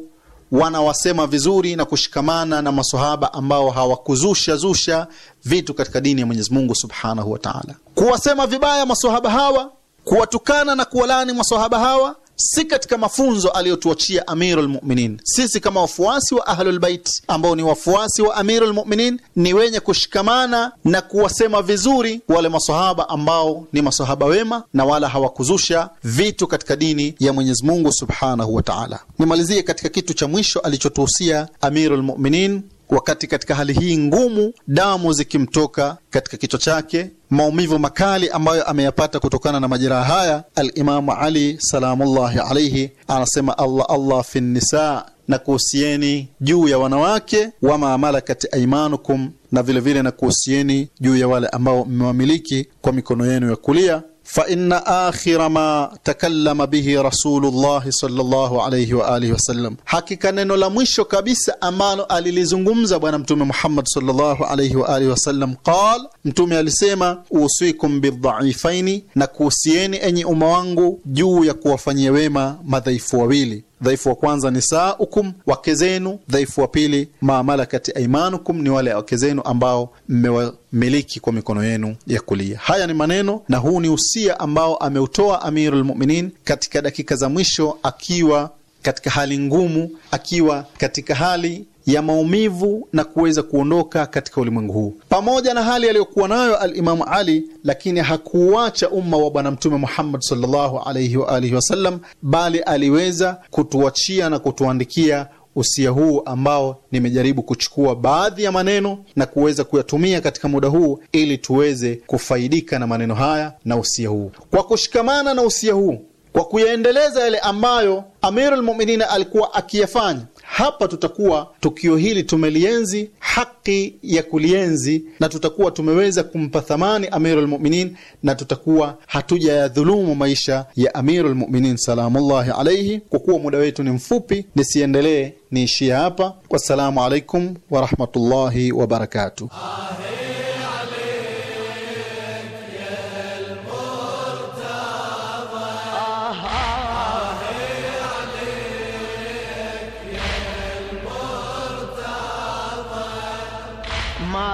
wanawasema vizuri na kushikamana na masohaba ambao hawakuzusha zusha vitu katika dini ya Mwenyezi Mungu Subhanahu wa Ta'ala. Kuwasema vibaya masohaba hawa, kuwatukana na kuwalani masohaba hawa si katika mafunzo aliyotuachia amirulmuminin Sisi kama wafuasi wa Ahlulbait ambao ni wafuasi wa amirulmuminin ni wenye kushikamana na kuwasema vizuri wale masahaba ambao ni masahaba wema na wala hawakuzusha vitu katika dini ya Mwenyezi Mungu Subhanahu wa Ta'ala. Nimalizie katika kitu cha mwisho alichotuhusia amirulmuminin wakati katika hali hii ngumu, damu zikimtoka katika kichwa chake, maumivu makali ambayo ameyapata kutokana na majeraha haya. Alimamu Ali salamullahi alaihi anasema Allah Allah fi nisa, na kuhusieni juu ya wanawake, wama malakat aimanukum, na vilevile na kuhusieni juu ya wale ambao mmewamiliki kwa mikono yenu ya kulia فإن akhira ma takallama bihi Rasulullah sallallahu alayhi wa alihi wasallam, hakika neno la mwisho kabisa ambalo alilizungumza Bwana Mtume Muhammad sallallahu alayhi wa alihi wasallam, qal, Mtume alisema usikum bildhaifaini, na kuhusieni enyi umma wangu juu ya kuwafanyia wema madhaifu wawili dhaifu wa kwanza ni saukum, wake zenu. Dhaifu wa pili mamalakati aimanukum, ni wale wake zenu ambao mmewamiliki kwa mikono yenu ya kulia. Haya ni maneno na huu ni usia ambao ameutoa Amirul Muminin katika dakika za mwisho, akiwa katika hali ngumu, akiwa katika hali ya maumivu na kuweza kuondoka katika ulimwengu huu. Pamoja na hali aliyokuwa nayo Alimamu Ali, lakini hakuuacha umma wa Bwana Mtume Muhammad sallallahu alaihi wa alihi wasallam, bali aliweza kutuachia na kutuandikia usia huu ambao nimejaribu kuchukua baadhi ya maneno na kuweza kuyatumia katika muda huu ili tuweze kufaidika na maneno haya na usia huu. Kwa kushikamana na usia huu, kwa kuyaendeleza yale ambayo Amirul Muminin alikuwa akiyafanya hapa tutakuwa tukio hili tumelienzi haki ya kulienzi, na tutakuwa tumeweza kumpa thamani Amirul Mu'minin, na tutakuwa hatuja ya dhulumu maisha ya Amirul Mu'minin salamullahi alayhi. Kwa kuwa muda wetu ni mfupi, nisiendelee niishie hapa. Wassalamu alaikum warahmatullahi wabarakatuh.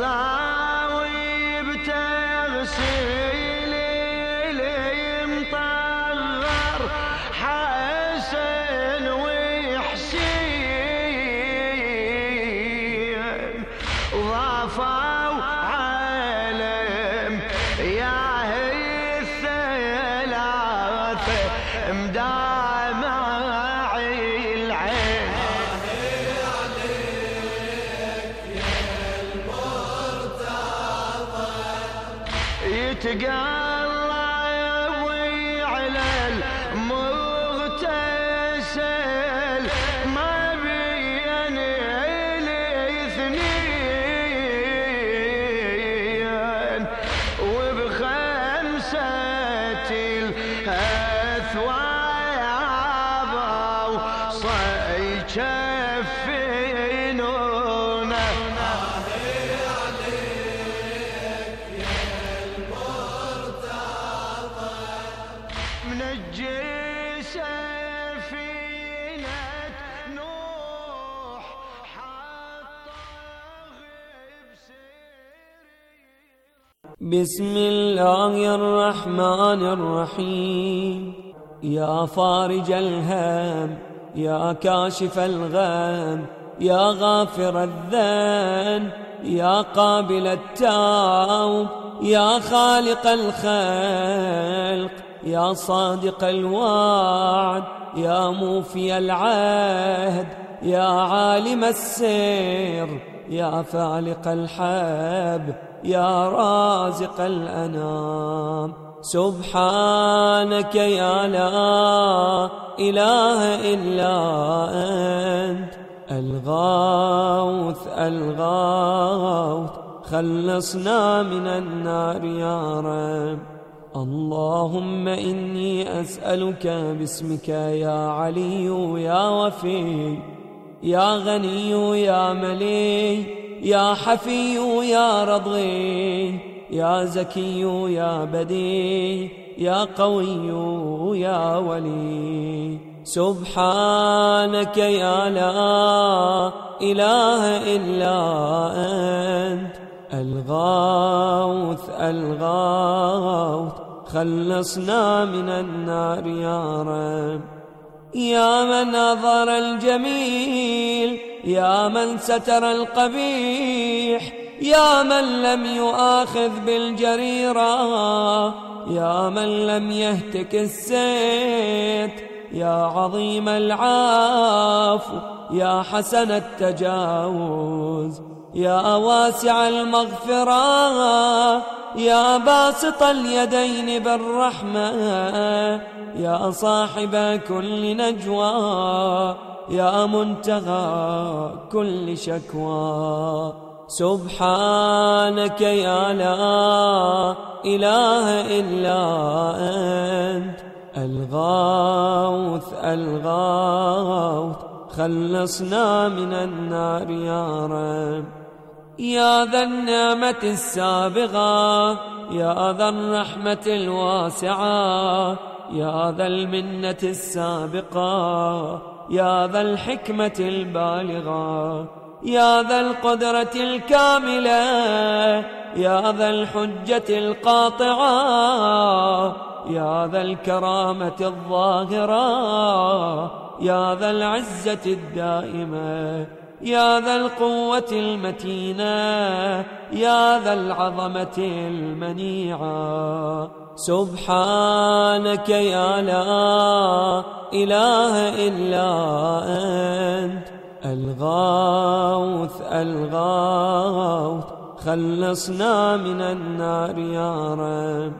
sun. بسم الله الرحمن الرحيم يا فارج الهم يا كاشف الغم يا غافر الذنب يا قابل التوب يا خالق الخلق يا صادق الوعد يا موفي العهد يا عالم السر يا فالق الحب يا رازق الأنام سبحانك يا لا إله إلا أنت الغوث الغوث خلصنا من النار يا رب اللهم إني أسألك باسمك يا علي يا وفي يا غني يا ملي يا حفي يا رضي يا زكي يا بدي يا قوي يا ولي سبحانك يا لا إله إلا أنت الغوث الغوث خلصنا من النار يا رب يا من أظهر الجميل يا من ستر القبيح يا من لم يؤاخذ بالجريرة يا من لم يهتك السيت يا عظيم العفو يا حسن التجاوز يا واسع المغفرة يا باسط اليدين بالرحمة يا صاحب كل نجوى يا منتهى كل شكوى سبحانك يا لا إله إلا أنت الغاوث الغاوث خلصنا من النار يا رب يا ذا النعمة السابغة يا ذا الرحمة الواسعة يا ذا المنة السابقة يا ذا الحكمة البالغة يا ذا القدرة الكاملة يا ذا الحجة القاطعة يا ذا الكرامة الظاهرة يا ذا العزة الدائمة يا ذا القوة المتينة يا ذا العظمة المنيعة سبحانك يا لا إله إلا أنت الغاوث الغاوث خلصنا من النار يا رب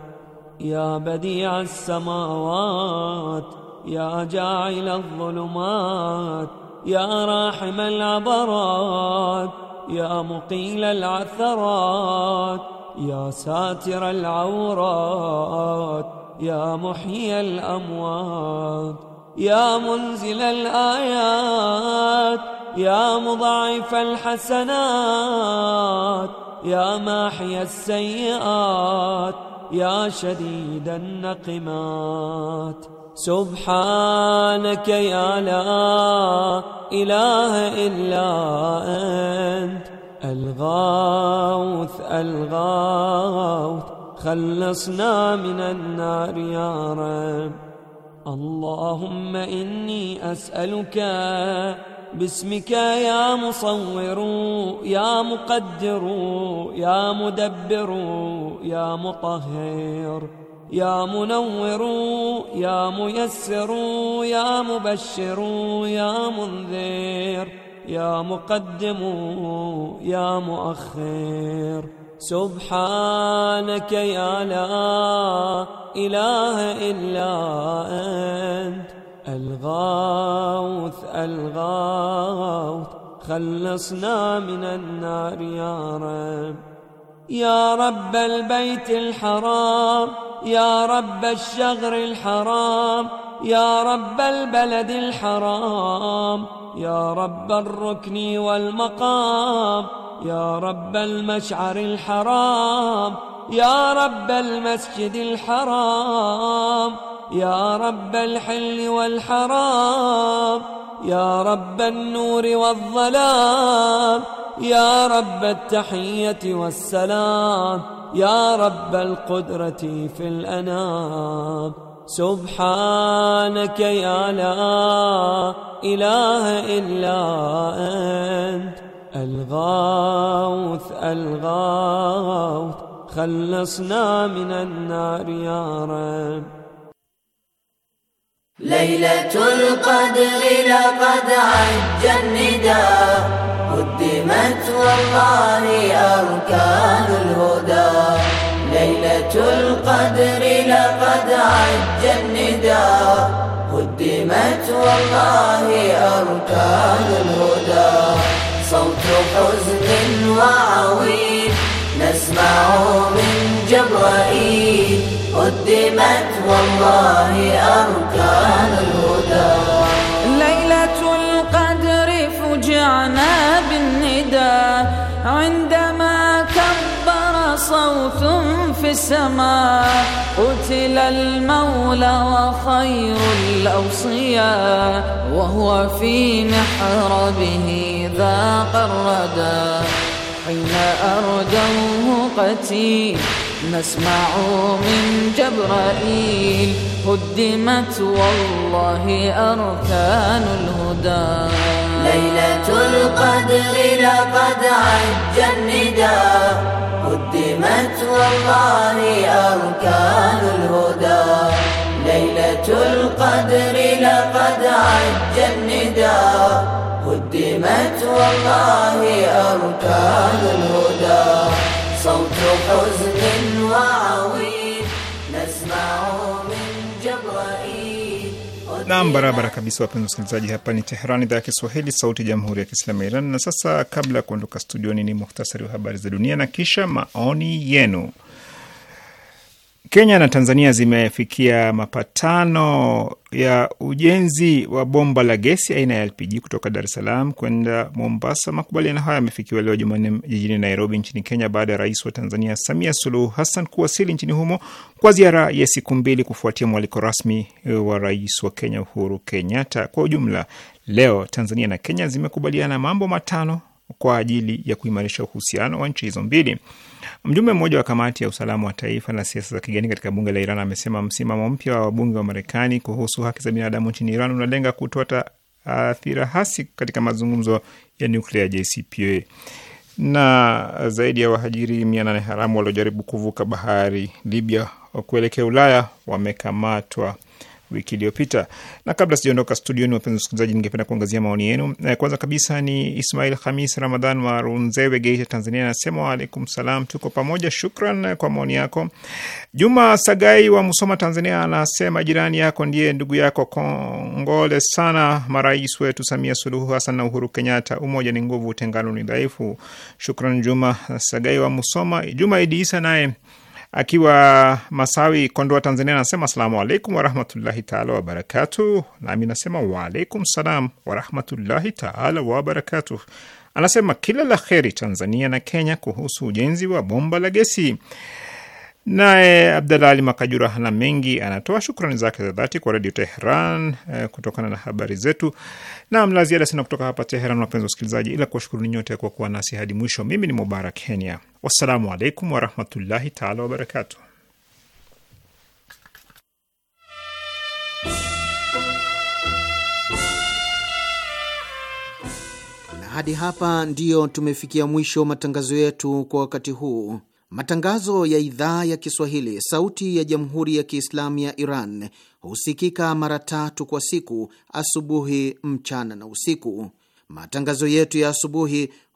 يا بديع السماوات يا جاعل الظلمات يا راحم العبرات يا مقيل العثرات يا ساتر العورات يا محيي الأموات يا منزل الآيات يا مضاعف الحسنات يا ماحي السيئات يا شديد النقمات سبحانك يا لا إله إلا أنت الغاوث الغاوث خلصنا من النار يا رب اللهم إني أسألك باسمك يا مصور يا مقدر يا مدبر يا مطهر يا منور يا ميسر يا مبشر يا منذر يا مقدم يا مؤخر سبحانك يا لا إله إلا أنت الغوث الغوث خلصنا من النار يا رب يا رب البيت الحرام يا رب الشغر الحرام يا رب البلد الحرام يا رب الركن والمقام يا رب المشعر الحرام يا رب المسجد الحرام يا رب الحل والحرام يا رب النور والظلام يا رب التحية والسلام يا رب القدرة في الأنام سبحانك يا لا إله إلا أنت الغاوث الغاوث خلصنا من النار يا رب ليلة القدر لقد عج النداء قدمت والله أركان الهدى ليلة القدر لقد عج النداء قدمت والله أركان الهدى صوت حزن وعويل نسمع من جبرائيل قدمت والله أركان بالسماء قتل المولى وخير الأوصياء وهو في محربه ذاق الردى حين أردوه قتيل نسمع من جبرائيل هدمت والله أركان الهدى ليلة القدر لقد عج النداء قدمت والله أركان الهدى ليلة القدر لقد عج النداء قدمت والله أركان الهدى صوت حزن وعظيم Nam, barabara kabisa, wapenzi wasikilizaji, hapa ni teheran idhaa ya Kiswahili, sauti ya jamhuri ya kiislamu ya Iran. Na sasa, kabla ya kuondoka studioni, ni muhtasari wa habari za dunia na kisha maoni yenu. Kenya na Tanzania zimefikia mapatano ya ujenzi wa bomba la gesi aina ya LPG kutoka Dar es Salaam kwenda Mombasa. Makubaliano hayo yamefikiwa leo Jumanne jijini Nairobi nchini Kenya baada ya rais wa Tanzania Samia Suluhu Hassan kuwasili nchini humo kwa ziara ya siku mbili kufuatia mwaliko rasmi wa rais wa Kenya Uhuru Kenyatta. Kwa ujumla, leo Tanzania na Kenya zimekubaliana mambo matano kwa ajili ya kuimarisha uhusiano wa nchi hizo mbili. Mjumbe mmoja wa kamati ya usalama wa taifa na siasa za kigeni katika bunge la Iran amesema msimamo mpya wa wabunge wa Marekani kuhusu haki za binadamu nchini Iran unalenga kutoa taathira ah, hasi katika mazungumzo ya nuklea JCPOA na zaidi ya wahajiri mia nane haramu waliojaribu kuvuka bahari Libya kuelekea Ulaya wamekamatwa wiki iliyopita. Na kabla sijaondoka studioni, wapenzi wasikilizaji, ningependa kuangazia maoni yenu. Eh, kwanza kabisa ni Ismail Hamis Ramadhan wa Runzewe, Geita, Tanzania, anasema waalaikum salam, tuko pamoja. Shukran kwa maoni yako. Juma Sagai wa Musoma, Tanzania, anasema jirani yako ndiye ndugu yako. Kongole sana marais wetu Samia Suluhu Hasan na Uhuru Kenyatta. Umoja ni nguvu, utengano ni dhaifu. Shukran Juma Sagai wa Musoma. Juma Idi Isa naye akiwa Masawi, Kondoa, Tanzania, anasema asalamu alaikum warahmatullahi taala wabarakatu Nami nasema waalaikum salam warahmatullahi taala wabarakatu. Anasema kila la kheri Tanzania na Kenya kuhusu ujenzi wa bomba la gesi. Naye abdalali Makajura hana mengi, anatoa shukrani zake za dhati kwa Redio Teheran eh, kutokana na habari zetu. Naam, la ziada sina kutoka hapa Teheran, wapenzi wasikilizaji, ila kuwashukuruni nyote kwa kuwa nasi hadi mwisho. Mimi ni Mubarak Kenya. Wassalamu alaikum warahmatullahi taala wabarakatuh. hadi hapa ndiyo tumefikia mwisho matangazo yetu kwa wakati huu. Matangazo ya idhaa ya Kiswahili sauti ya jamhuri ya Kiislamu ya Iran husikika mara tatu kwa siku: asubuhi, mchana na usiku. Matangazo yetu ya asubuhi